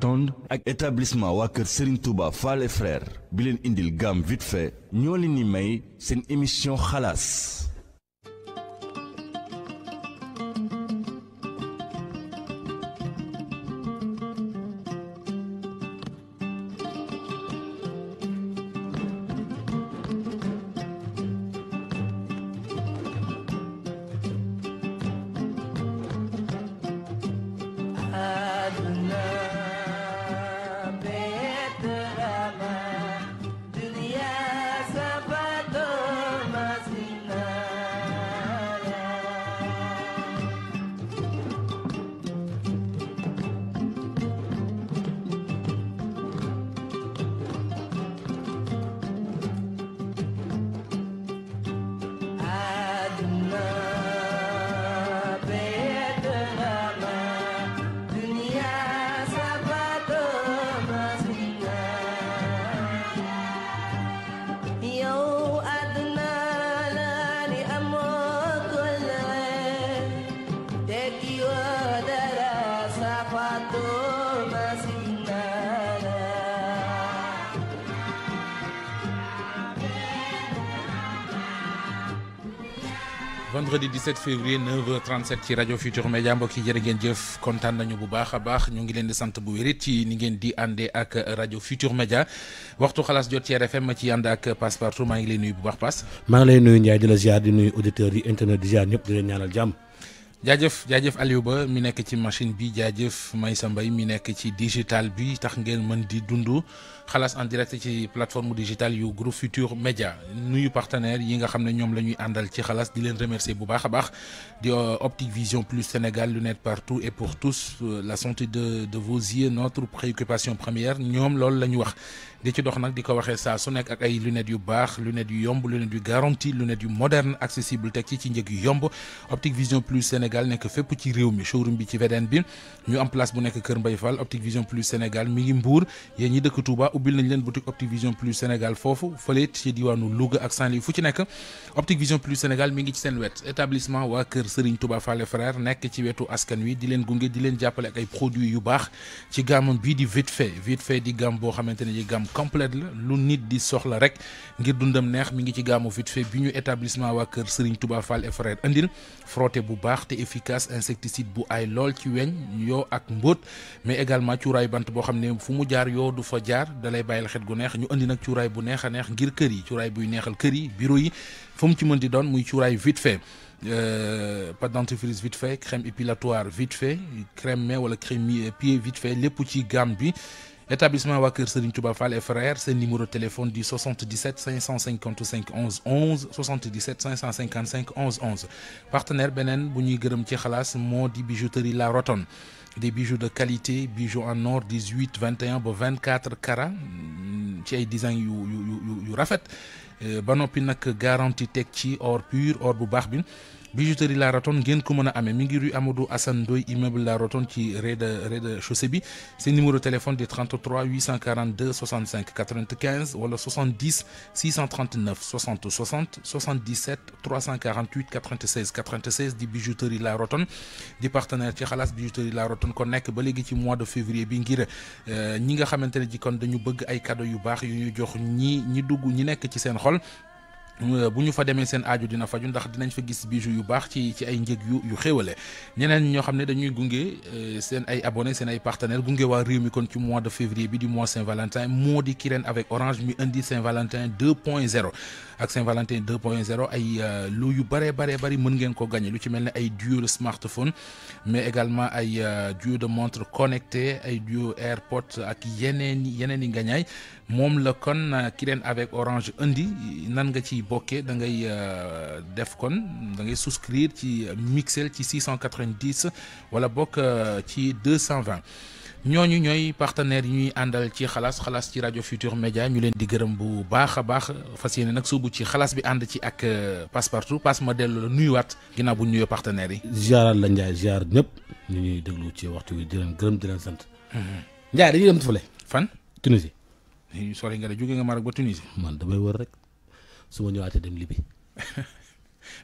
tond ak établissement waa kër Serigne Touba Fall et frère bi leen indil gamme vite fait ñoo leen ni may seen émission xalaas vendredi 17 février 9h37 ci rajo Futur Média mbokk yi jërë ngeen jëf kontaan nañu bu baax a baax ñu ngi leen di sant bu wérit ci ni di àndee ak rajo Futur Média waxtu xalaas jot ci RFM ci ànd ak passe partout maa ngi lay nuyu bu baax passe. maa ngi lay nuyu Ndiaye la ziar di nuyu auditeurs yi internet di ziar ñëpp ñaanal jàmm. jaajëf jaajëf Aliou Ba mi nekk ci machine bi jaajëf sa Mbaye mi nekk ci digital bi tax ngeen mën di dund. xalaas en direct ci plateforme digitale yu groupe Futur Média nuyu partenaire yi nga xam ne ñoom la ñuy àndal ci xalaas di leen remercier bu baax a baax di euh, Optique Vision Plus Sénégal lunettes partout et pour tous euh, la santé de de vos yeux notre préoccupation première ñoom loolu la ñu wax di ci dox nag di ko waxee saa su nekk ak ay lunettes yu baax lunettes yu yomb lunettes yu garantie lunettes yu moderne accessible teg ci ci njëg yu yomb Optique Vision Plus Sénégal nekk fépp ci réew mi showroom bi ci VDN bi ñu am place bu nekk Kër Mbaye Fall Optique Vision Plus Sénégal mi ngi Mbour yéen ñi dëkk Touba ubbil nañ leen boutique Optic Plus Sénégal foofu fële it ci diwaanu Louga ak saint fu ci nekk Optic Plus Sénégal mi ngi ci seen wet établissement waa kër Serigne Touba frère nekk ci wetu askan wi di leen gunge di leen jàppale ak ay produits yu baax ci gammam bii di vite fait vite fait di gamme boo xamante ji gamme complète la lu nit di soxla rek ngir dundam neex mi ngi ci gammu vite fait bi ñu établissement waa kër Serigne Touba Fallé frère andil frotté bu baax te dalay bayil xet gu neex ñu andi nak ciuray bu neex neex ngir kër yi ciuray bu neexal kër yi biro yi fu mu ci mën di doon muy ciuray vite fait euh, pâte dentifrice vite fait crème épilatoire vite fait crème ou wala crème euh, pied vite fait lepp ci gamme bi établissement waa Serigne Touba Fall et frères c'est numéro de téléphone du 77 555 11 11 77 555 11 11 partenaire Benen bu ñuy gërëm ci bijouterie La Rotonde des bijoux de qualité bijoux en or 18 21 24 carats mm, ci ay design yu yu fait. rafet euh, garantie technique, or pur or bu bijouterie La Rotonde ngeen ko meuna a mi ngi rue Amadou immeuble La Rotonde ci rez de téléphone de téléphone 33 842 65 95 wala 70 639 60 60 77 348 96 96 di bijouterie La Rotonde di partenaire ci bijouterie La Rotonde ko nek ba légui mois de février bi ngir euh, ñi nga kon dañu bëgg ay cadeau yu bax yu ñu jox ñi euh, bu ñu fa démé sen aaju dina faju ndax dinañ fa gis bijou yu bax ci ci ay njëg yu yu ñeneen ñoo xamné ne dañuy gungé euh, sen ay abonnés sen ay partenaires gungé wa réew mi kon ci mois de février bi di mois Saint-Valentin modi Kirène avec Orange mi indi Saint-Valentin 2.0 ak Saint-Valentin 2.0 ay euh, lu yu beaucoup de bare mën ngeen ko gagner. lu ci melni ay de smartphone mais également ay euh, duo de montre connecté ay duo AirPods ak yenen yenen ni ngañaay mom le kon euh, ki len avec Orange indi nan nga ci Defcon, da ngay def kon da ngay souscrire ci Mixel ci 690 wala bokk ci 220. ñooñu ñooy partenaires yi ñuy àndal ci xalaas xalaas ci rajo Futur Média ñu leen di gërëm bu baax a baax fas yéene nag suubu ci xalaas bi ànd ci ak euh, Passepartout passe ma dellu la nuyuwaat ginnaaw bu ñu nuyoo yi. ziaraat la Ndiaye ziar ñëpp ñu ñuy déglu ci waxtu wi di leen gërëm di leen sant. Mm-hmm. Ndiaye dañuy dem fan Tunisie. sori nga de jóge nga Maroc ba Tunisie. man damay wër rek su ma ñëwaatee dem Libye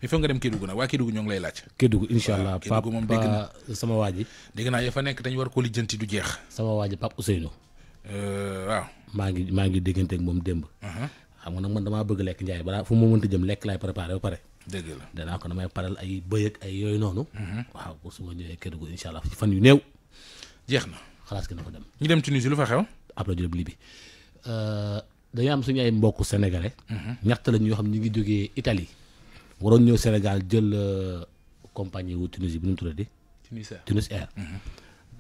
il faut nga dem Kédougou nag waa Kédougou ñoo ngi lay laaj. Kédougou incha allah Pape moom ah, sama waa naa ya fa nekk dañu war koo lijjanti du jeex. sama waa ji Pape euh, waaw. maa ngi maa ngi dégganteek ak moom démb. Uh-huh. xam nga nag man damaa bëgg lekk Ndiaye balaa fu mu mënta jëm lekk laay préparé ba pare. dëgg la danaa ko damay paral ay bëy ak ay yooyu noonu. Uh-huh. waaw bu su ma ñëwee Kédougou incha allah fan yu néew. jeex na xalaas gi na fa dem. ñu dem Tunisie lu fa xew. après ñu dem Libye euh, dañu am suñu ay mbokku sénégalais. Uh-huh. ñett lañ yoo xam ñu ngi jógee Italie ñëw Sénégal jël euh, compagnie Tunisie Tunis mhm.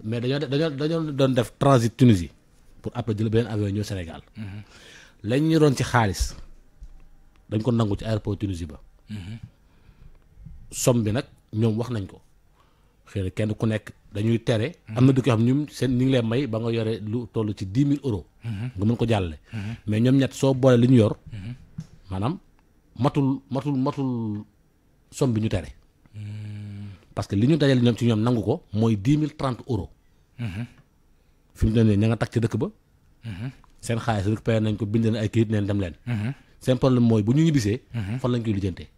mais dañoo dañoo def transit Tunisie pour après jël avion Sénégal. Mhm. lañ ñu doon ci xaalis dañ ko ci aéroport Tunisie ba. Mhm. somme bi nag ñoom wax nañ ko kenn ku euros. nga ko mais nous ñett soo boole li ñu yor. matul matul matul somme bi ñu tere. parce que li ñu dajale ñoom ci ñoom nangu ko mooy dix mille trente euros. fi mu ne nii ña nga takk ci dëkk ba. seen xaalis nañ ko bind leen ay kayit neen dem leen. seen problème mooy bu ñu ñibbisee. fan lañ koy lijjantee.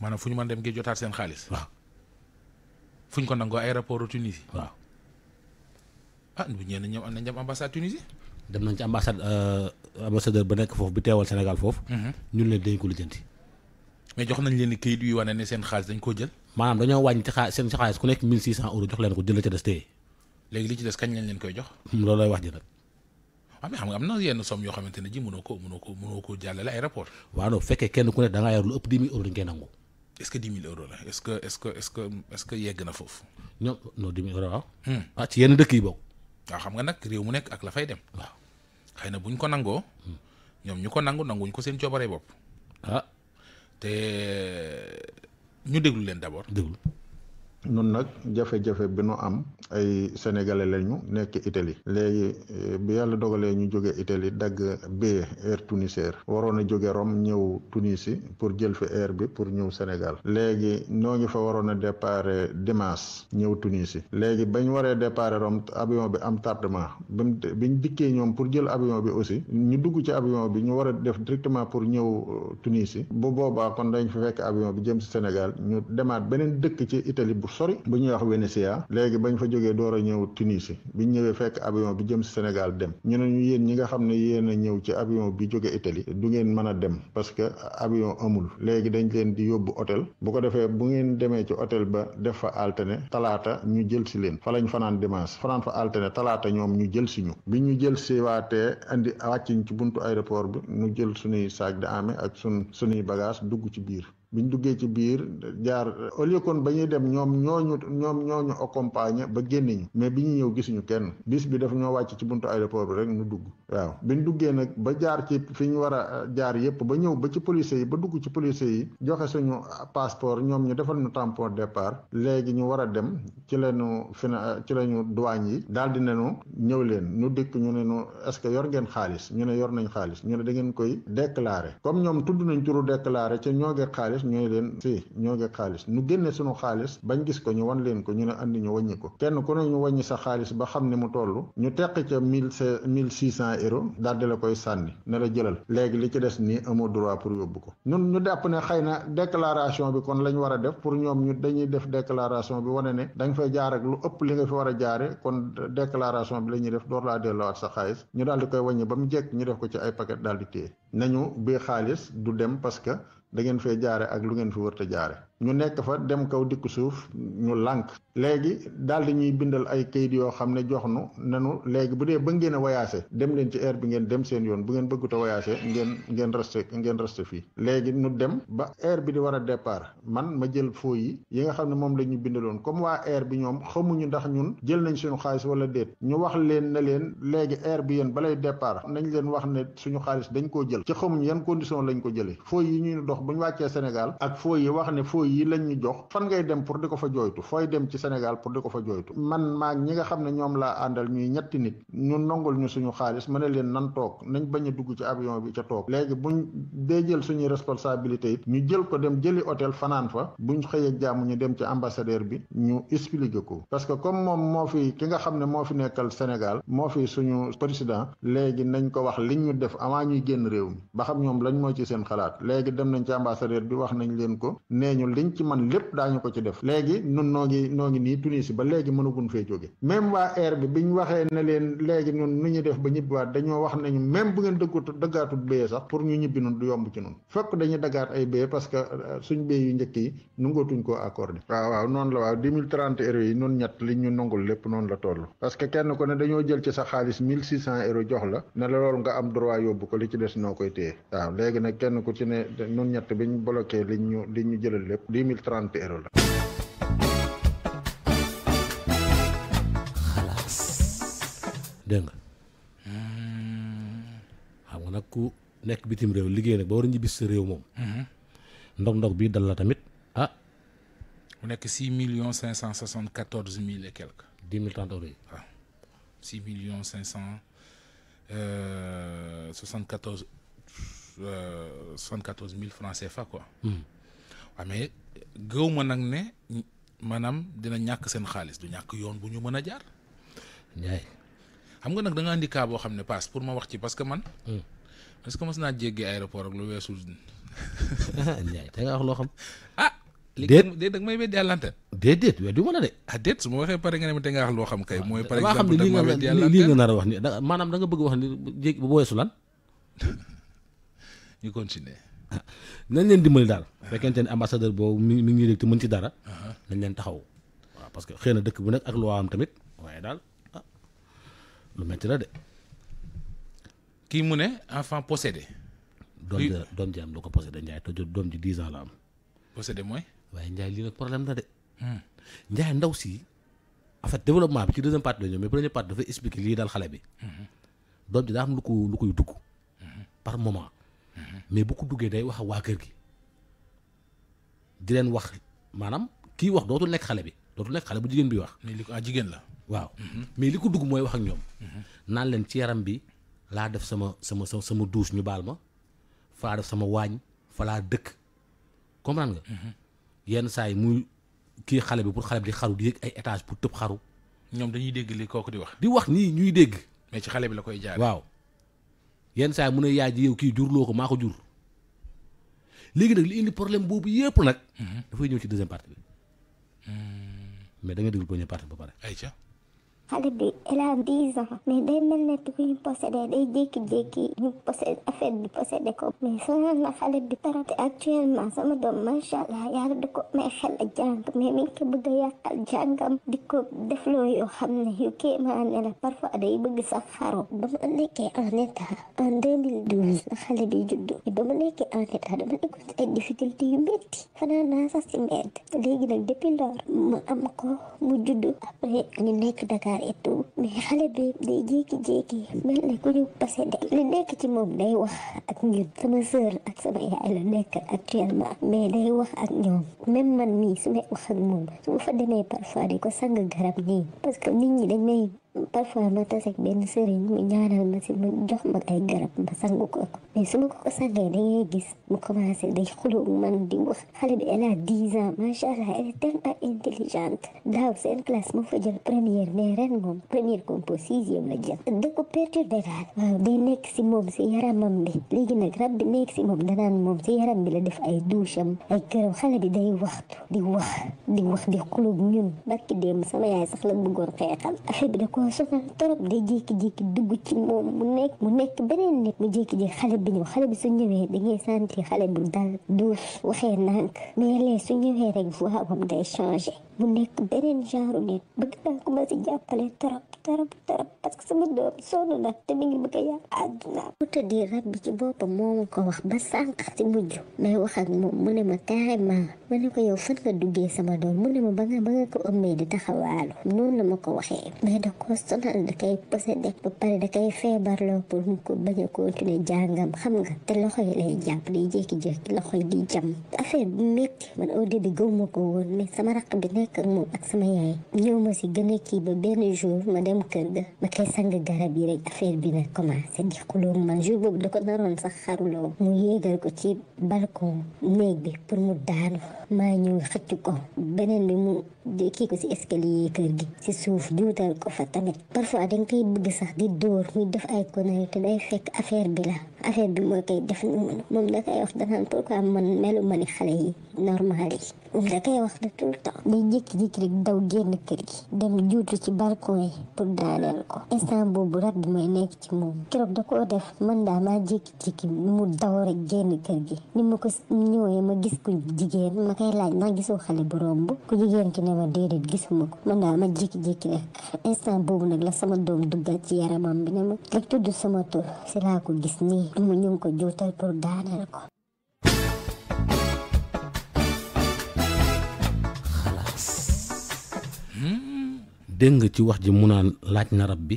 maanaam fu ñu man dem ngir jotaat seen xaalis. waaw fu ñu ko nangoo aéroport Tunisie. waaw ah ñenn ñoom am nañ dem ambassade Tunisie. dem nañ ci ambassade euh, ambassadeur ba nekk foofu bi teewal Sénégal foofu. Mhm. ñun leen dañ ko lijjanti. waaw da ngaa yor lu ëpp 10 000 euros dañ koy ah ci yenn dëkk yi bokk. waaw ah, xam nga nag réew mu nekk ak la fay dem waaw xëy na buñ ko nangoo ñoom ñu ko nangu nanguñ ko seen coobaree bopp ah te ñu déglu leen d'abord déglu nun nag jafe-jafe bi nu am ay sénégalais lañu nekk Italie léegi eh, bi yàlla dogalee ñu jóge Italie dagg bee air Tunisair waroon a jóge rom ñëw Tunisie pour jël fi air bi pour ñëw Sénégal léegi noo ngi fa waroon a départ dimanche ñëw Tunisie léegi bañ waree départ rom avion bi am tardement bam biñ dikkee ñoom pour jël avion bi aussi ñu dugg ci avion bi ñu war a def directement pour ñëw eh, Tunisie bu boobaa kon dañ fa fekk avion bi jëm si Sénégal ñu demaat beneen sori bu ñu wax Venetia léegi bañ fa jógee door a ñëw bi biñ ñëwee fekk avion bi jëm si Sénégal dem ñu ne ñu yéen ñi nga xam ne yéen a ñëw ci avion bi jóge Italie du ngeen mën a dem parce que avion amul léegi dañ leen di yóbbu hôtel bu ko defee bu ngeen demee ci hôtel ba def fa alterné talaata ñu jël si leen fa lañ fanaan dimanche fanaan fa alterné talaata ñoom ñu jël si ñu bi ñu jël si waatee indi wàcciñ ci buntu aéroport bi ñu jël suñuy sac di ame ak sun suñuy bagage dugg ci biir biñ duggee ci biir jaar au lieu kon ba ñuy dem ñoom ñooñu ñoom ñooñu accompagner ba génne ñu mais bi ñu ñëw gisuñu kenn bis bi daf ñoo wàcc ci buntu aéroport bi rek ñu dugg waaw ñu duggee nag ba jaar ci fi ñu war a euh, jaar yépp ba ñëw ba ci policiers yi ba dugg ci policiers yi joxe suñu euh, passeport ñoom ñu defal ñu tampon départ léegi ñu war a dem ci lañu fina euh, ci lañu douane yi daal di ne ñu ñëw leen ñu dikk ñu ne ñu est-ce que yor ngeen xaalis ñu ne yor nañ xaalis ñu ne da ngeen koy déclarer comme ñoom tudd ñoo xaalis ñu ne leen fii ñoo ngi xaalis nu génne suñu xaalis bañ gis ko ñu wan leen ko ñu ne andi ñu wàññi ko kenn ku ne ñu wàññi sa xaalis ba xam ne mu toll ñu teq ca mille mille six cent euros daal la koy sànni ne la jëlal léegi li ci des nii amoo droit pour yóbbu ko ñun ñu jàpp ne xëy na déclaration bi kon lañ war a def pour ñoom ñu dañuy def déclaration bi wane ne da nga fay jaar ak lu ëpp li nga fi war a jaare kon déclaration bi la ñuy def door laa delloowaat sa xaalis ñu daal di koy waññi ba mu jekk ñu def ko ci ay paquet daal di téye nañu bii xaalis du dem parce que da fee jaare ak lu ngeen fi te jaare ñu nekk fa dem kaw dikk suuf ñu lànk léegi daal di ñuy bindal ay kayit yoo xam ne jox nu ne nu léegi bu dee ba ngeen a voyagé dem leen ci air bi ngeen dem seen yoon bu ngeen bëggut a voyagé ngeen ngeen resté ngeen resté fii léegi ñu dem ba air bi di war a départ man ma jël foo yi yi nga xam ne moom la ñu bindaloon comme waa air bi ñoom xamuñu ndax ñun jël nañ suñu xaalis wala déet ñu wax leen ne leen léegi air bi yéen balay départ nañ leen wax ne suñu xaalis dañ koo jël ci xamuñu yan condition lañ ko jëlee foo yi ñuy dox bu ñu wàccee Sénégal yi lañ ñu jox fan ngay dem pour di ko fa joytu fooy dem ci sénégal pour di ko fa joytu man maag ñi nga xam ne ñoom laa àndal ñuy ñetti nit ñu nongul ñu suñu xaalis ma ne leen nan toog nañ bañ a dugg ci avion bi ca toog léegi buñ dee jël suñuy responsabilité ñu jël ko dem jëli hôtel fanaan fa buñ xëyee jàmm ñu dem ci ambassadeur bi ñu expliqué ko parce que comme moom moo fi ki nga xam ne fi nekkal sénégal moo fi suñu président léegi nañ ko wax liñ ñu def avant ñuy génn réew mi ba xam ñoom lañ moo ci seen xalaat léegi dem nañ ci ambassadeur bi wax nañ leen ko nee li liñ ci man lépp daañu ko ci def léegi nun noo ngi noonu la waaw nga am droit yóbbu ko li ci des noo koy téye waaw léegi nag kenn ku ci ne nun ñett biñ bloqué liñ li ñu jëlal lépp 2030 euro la. xalaas dégg nga hmm. xam nga nag ku nekk bitim réew liggéey nag ba war a ñibbi sa réew moom. Hmm. ndog-ndog bii dal la tamit ah. mu nekk six millions cinq cent soixante quatorze mille et quelque. dix mille trente euros yi waaw. Ah. six millions cinq cent euh, soixante quatorze euh, soixante quatorze mille francs CFA quoi. Hmm. Ame, gëw ma nag ne maanaam dina ñàkk seen xaalis du ñàkk yoon bu ñu mën a jaar ñaay xam nga nag da nga andi cas boo xam ne pour ma wax ci parce que man parce hmm. que mas naa aéroport ak lu weesul ñaay da nga wax xam ah déet déet dag may weddi àllante déet déet weddi ma la de ah déet su ma waxee pare nga ne ma nga wax loo xam kay mooy par exemple dag ma weddi àllante lii nga nar wax ni maanaam da nga bëgg wax ni bu weesu ñu continuer nañ leen dimbali daal ah. fekkente ne ambassadeur boobu mi mi ngi dégg te mën ci dara ah. nañ leen taxaw waaw parce que xëy na dëkk bu nekk ak loi am tamit waaye daal ah, lu metti la de kii mu ne enfant possédé doom ji doom ji am lu ko possédé Ndiaye te doom ji la am possédé mooy waaye Ndiaye lii nag problème la de hmm. Ndiaye ndaw si en fait développement bi ci deuxième partie la ñëw mais première partie dafay expliquer lii daal xale bi hmm. doom ji daa am lu ko lu koy dugg hmm. par moment mais bu ko duggee day wax waa kër gi di leen wax maanaam kii wax dootul nekk xale bi dootul nekk xale bu jigéen bi wax. mais li ko ah jigéen la. waaw mhm. mais li ko dugg mooy wax ak ñoom. Mhm. naan leen ci yaram bi laa def sama sama sama douche ñu baal ma faa def sama waañ falaa laa dëkk comprendre nga. Mhm. yenn saa yi muy kii xale bi pour xale bi di xaru di yëg ay étage pour tëb xaru. ñoom dañuy dégg li kooku di wax. di wax nii ñuy dégg. mais ci xale bi la koy jaar waaw. yenn saa mu ne yaay ji yow kii jurloo ko maa ko jur léegi nag li indi problème boobu yëpp nag. Mhm. dafay ñëw ci deuxième partie bi. Mhm. mais da nga déglu première partie ba pare. xale bi elle a dix ans mais day mel ne ku ñu possédé day jékki-jékki ñu possédé affaire bi possédé ko mais sonal na xale bi tarate actuellement sama doom macha allah yàlla da ko may xel a jàng mais mi ngi ko bëgg a yàqal jàngam di ko defloo yoo xam ne yu kéemaane la parfois day bëgg sax xaro ba ma nekkee en état en 2012 la xale bi juddu ba ma nekkee en état dama nekkoon ay difficulté yu métti xanaa naa sax si mbedd léegi nag depuis lors ma am ko mu juddu après ñu nekk Dakar itu mais xale bi day jékki-jékki mel ne ku ñu passé de nekk ci moom day wax ak ñun sama sœur ak sama yaay la nekk actuellement mais day wax ak ñoom même man mii su may wax ak moom su ma fa demee parfois ko sang garab nii parce que ñi dañ parfois ma taseeg benn sëriñ mu ñaanal ma si mu jox ma ay garab ma sangu ma ko ko sangee da mu commencé day xuloo man di wax xale bi elle a dix ans macha allah elle est tellement intelligente daaw seen classe moo fa jël première mais ren moom première compo sixième la jël da ko perturbé daal nekk si moom si yaramam bi léegi nag bi nekk si moom si yaram bi la def ay douche am ay këram xale bi day waxtu di wax di wax di xuloo ñun barki démb sama yaay sax la bëggoon xeexal affaire bi ko sonal trop day jékki-jékki dugg ci moom mu nekk mu nekk beneen nit mu jékki-jékki xale bi ñëw xale bi su ñëwee da ngay sentir xale bu dal duus waxee nànk mais lee su ñëwee rek voix am day mu nekk beneen genre nit bëgg naa ko ma si jàppale trop trop trop parce sama doom sonn na te mi ngi bëgg a yàq te dire rab bi ci boppam moo ma ko wax ba sànq si mujj may wax ak moom mu ne ma carrément ma ne ko yow fan duggee sama doom mu ne ma ba ba nga ko ëmmee di taxawaalu noonu la ma ko waxee mais da ko sonal da koy possédé ba pare da koy feebarloo pour mu ko bañ a continuer jàngam xam nga te loxo yi lay jàpp day jékki-jékki loxo yi di jam affaire bi man au début gëw ma ko woon mais sama raq bi nekk ak moom ak sama yaay ma si gën a kii ba benn jour ma dem kër ga ma koy sang garab rek affaire bi na commencé di xuloo man jour boobu da ko naroon sax xaruloo mu yéegal ko ci balcon néeg bi pour mu daanu maa ñëw xëcc ko beneen bi mu kii ko si escalier kër gi si suuf juutal ko fa tamit parfois dañ koy bëgg sax di dóor muy def ay conneries te day fekk affaire bi la affaire bi moo koy def moom da koy wax danaan pourquoi man melu ma ni xale yi normal la koy wax de tout le temps day jékki daw génn kër gi dem juutu ci balcon yi pour daaneel ko instant boobu rab bi mooy nekk ci moom keroog da koo def man daa maa jékki-jékki mu daw rek génn kër gi ni ma ko ñëwee ma gis ku jigéen ma koy laaj ndax gisoo xale bu romb ku jigéen ki ne ma déedéet gisuma ko man daa ma jékki-jékki rek boobu nag la sama doom duggal ci yaramam bi ne ma rek tudd sama tur si laa ko gis nii mu ñu ngi ko juutal pour daaneel ko dégg nga ci wax ji mu naan laaj na rab bi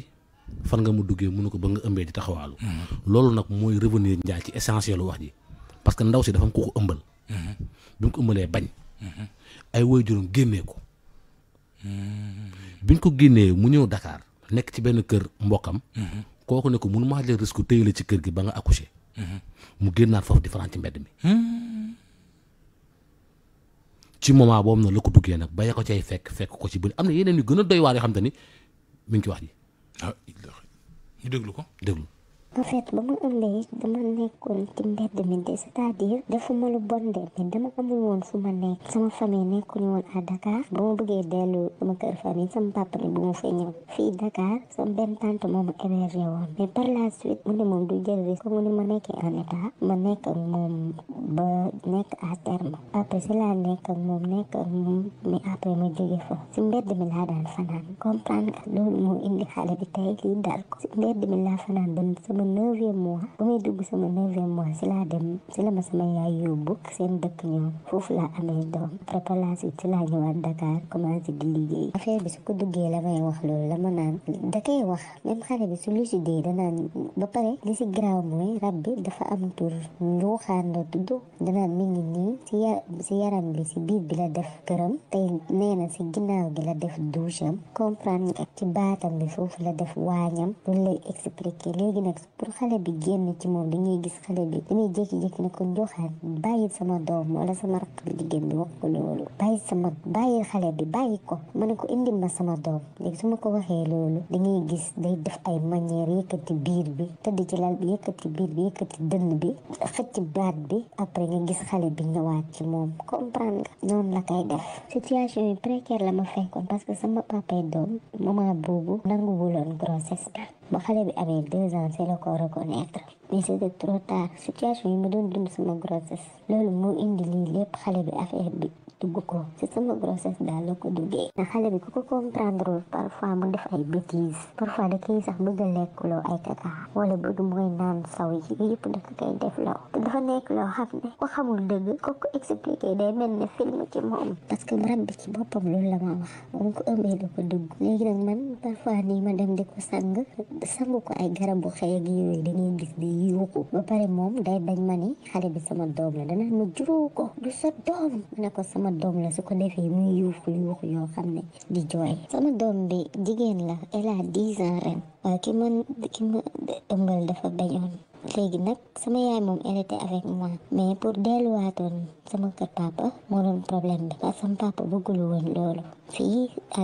fan nga mu duggee mënu ko ba nga ëmbee di taxawaalu. Hmm. loolu nag mooy revenir njaay ci essentiel wax ji parce que ndaw si dafa ko ko ëmbal. Hmm. bi ko ëmbalee bañ. Hmm. ay waajuram génnee ko. biñ ko génnee mu ñëw Dakar nekk ci benn kër mbokkam. kooku ne ko mënu maa jël risque ci kër gi ba nga accouché. mu génnaat foofu di ci mi. ci moment boobu nag la ko duggee nag ba ya ko cay fekk fekk ko ci bëri am na yeneen yu gën a doy waar yoo xam te ni mi ngi ci wax ji. ah ñu déglu ko déglu. rafetlu ma am la it dama nekkoon ci mbedd mi de c'est-à-dire defuma lu bon de mais dama amul woon fu ma sama famille nekkuñu woon à Dakar ba ma bëggee dellu sama kër famille sama papa ne bu fay ñëw fii Dakar sama benn tante moo ma hébergé woon mais par la suite mu ne moom du jël risque mu ne ma nekkee en état ma nekk ak moom ba nekk à terme après si laa nekk ak moom nekk ak moom mais après ma jóge fa si mbedd mi laa daan fanaan comprendre nga loolu indi bi dal ko mbedd mi sama neuvième mois ba may dugg sama neuvième mois si laa dem si la ma sama yaay yóbbu seen dëkk ñoom foofu laa amee doom après si laa ñëwaat Dakar commencé di liggéey affaire bi su ko duggee la may wax loolu la ma naan da koy wax même xale bi su lucidé danaan ba pare li si garaaw mooy rab dafa am tur njuuxaan la tudd danaan mi ngi nii si ya bi si biir bi la def këram tey nee si ginnaaw gi def douche am comprendre ci baatam bi foofu la def waañam loolu lay expliqué léegi nekk pour xale bi génn ci moom dañuy gis xale bi dañuy jékki-jékki ne ko joxaat bàyyi sama doom wala sa rakk bi jigéen bi wax ko loolu bàyyi sama bàyyi xale bi bàyyi ko ma ne ko indi ma sama doom léegi su ma ko waxee loolu dañuy gis day def ay manière yëkkati biir bi di ci lal bi yëkkati biir bi yëkkati dënn bi xëcc baat bi après nga gis xale bi ñëwaat ci moom comprendre nga noonu la koy def situation yi précaire la ma fekkoon parce que sama papay doom moment boobu nanguwuloon grossesse bi ba xale bi amee deux ans c'est la ko war a connaître mais c'était trop tard situation yi ma doon dund sama loolu moo indi lii lépp xale bi affaire bi dugg ko ci sama grossesse daal la ko xale bi ku ko comprendrewul parfois mu def ay bêtises parfois da koy sax a lekkloo ay kaka wala bëgg mooy naan saw yi yëpp dafa koy def loo te dafa nekk loo xam ne ko xamul dëgg ko ko expliqué day mel film ci moom parce que rab bi ci boppam loolu la ma moom ko ëmbee da ko dugg léegi nag man parfois nii ma dem di ko sang sangu ko ay garab xëy ak yooyu dañuy gis di ba pare moom day bañ ma ni xale bi sama doom la dana ma juróo ko sa doom ma ne ko sama sama doom la su ko defee muy yuuxu yuuxu yoo xam ne di jooy sama doom bi jigéen la elle a dix ans ren a euh, ma ki ma ëmbal dafa bañoon léegi sama yaay moom elle était avec moi mais pour delluwaatoon sama kër papa moo doon problème bi sama papa bëggul woon loolu fii à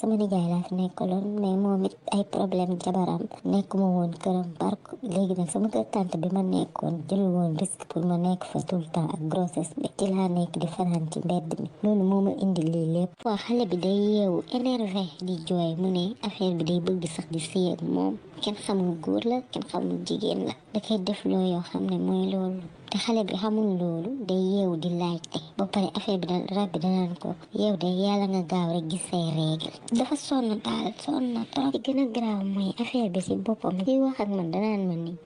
sama nijaay laa fi nekkaloon ne moom ay ay problème jabaram nekkuma woon këram par léegi nag sama kër bi ma nekkoon jël woon risque pour ma nekk fa tout le temps ak grossesse bi ci laa nekk di fanaan ci mbedd mi loolu moo ma indi lii lépp waaw xale bi day yeewu énervé di jooy mu ne affaire bi day bëgg sax di sëy ak moom kenn xamul góor la kenn xamul jigéen la da koy def loo yoo xam ne mooy loolu te xale bi xamul loolu day yeewu di laajte ba pare affaire bi da rab bi danaan ko yow de yàlla nga gaaw rek gis say règle dafa sonn daal sonn na trop li gën a bi si boppam ci wax ak man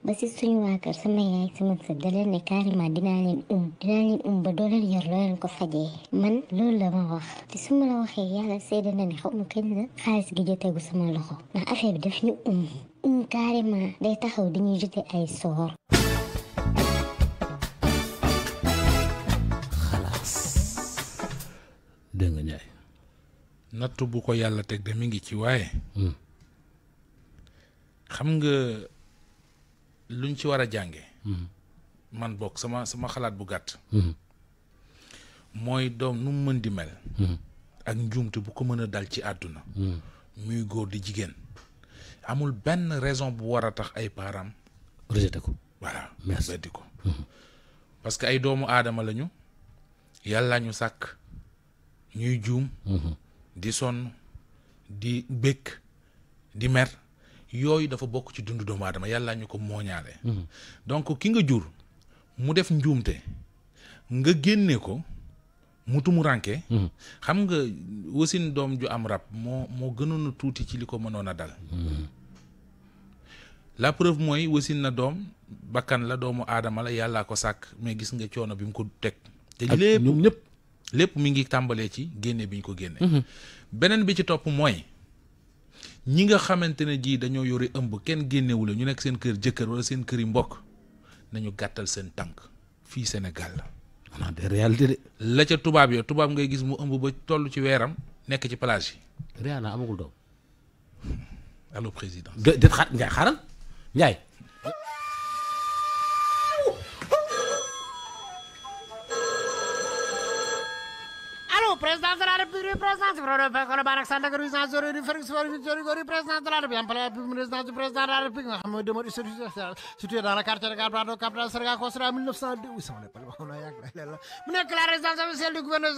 ba si suñu waa sama yaay sama sër da leen ne carrément dinaa leen um dinaa leen um ba doo leen yor ko fajee man loolu la ma wax te su ma la waxee yàlla seede na ne xaw ma kañ la xaalis gi sama loxo ndax affaire bi daf ñu um um carrément day taxaw di ñuy jotee ay soor dégg nga Ndiaye. natt bu ko yàlla teg de mi ngi ci waaye. Hmm. xam nga luñ ci war a jànge hmm. man bokk sama sama xalaat bu gàtt. Hmm. mooy doom nu mu mën di mel. ak njuumte bu ko mën a dal ci àdduna. muy góor di jigéen. amul benn raison bu war a tax ay parents. rejeté ko. voilà merci ko. parce ay doomu aadama lañu. yàlla ñu sàkk. ñuy juum mhm. di sonn di bëgg di mer yooyu dafa bokk ci dundu doomu aadama yàlla ñu ko mooñaale mhm. donc ki nga jur mu def njuumte nga génne ko mu tumurànke mhm. xam nga wasin doom ju am rab moo moo gënoon tuuti ci li ko mënoon a dal la mooy wasin na doom bakkan la doomu aadama la yàllaa ko sàkk mais gis nga coono bi mu ko teg te lépp ñoom ñëpp lépp mu ngi tàmbalee ci génne bi ñu ko génne. Mhm. beneen bi ci topp mooy ñi nga xamante ne jii dañoo yore ëmb kenn génnewule ñu nekk seen kër jëkkër wala seen kër yi mbokk nañu gàttal seen tànk fii Sénégal la. de réalité de. la ca tubaab yo tubaab ngay gis mu ëmb ba toll ci weeram nekk ci plage yi. Rihanna amagul doom. allo président. de de xaar Ndiaye xaaral Ndiaye. representanter representanter fra Republikken